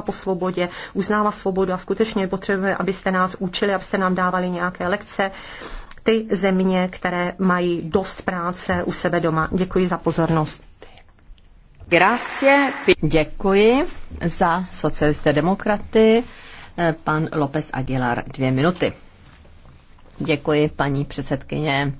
po svobodě, uznává svobodu a skutečně potřebuje, abyste nás učili, abyste nám dávali nějaké lekce. Ty země, které mají dost práce u sebe doma. Děkuji za pozornost. Grazie. Děkuji za socialisté demokraty. Pan López Aguilar, dvě minuty. Děkuji, paní předsedkyně.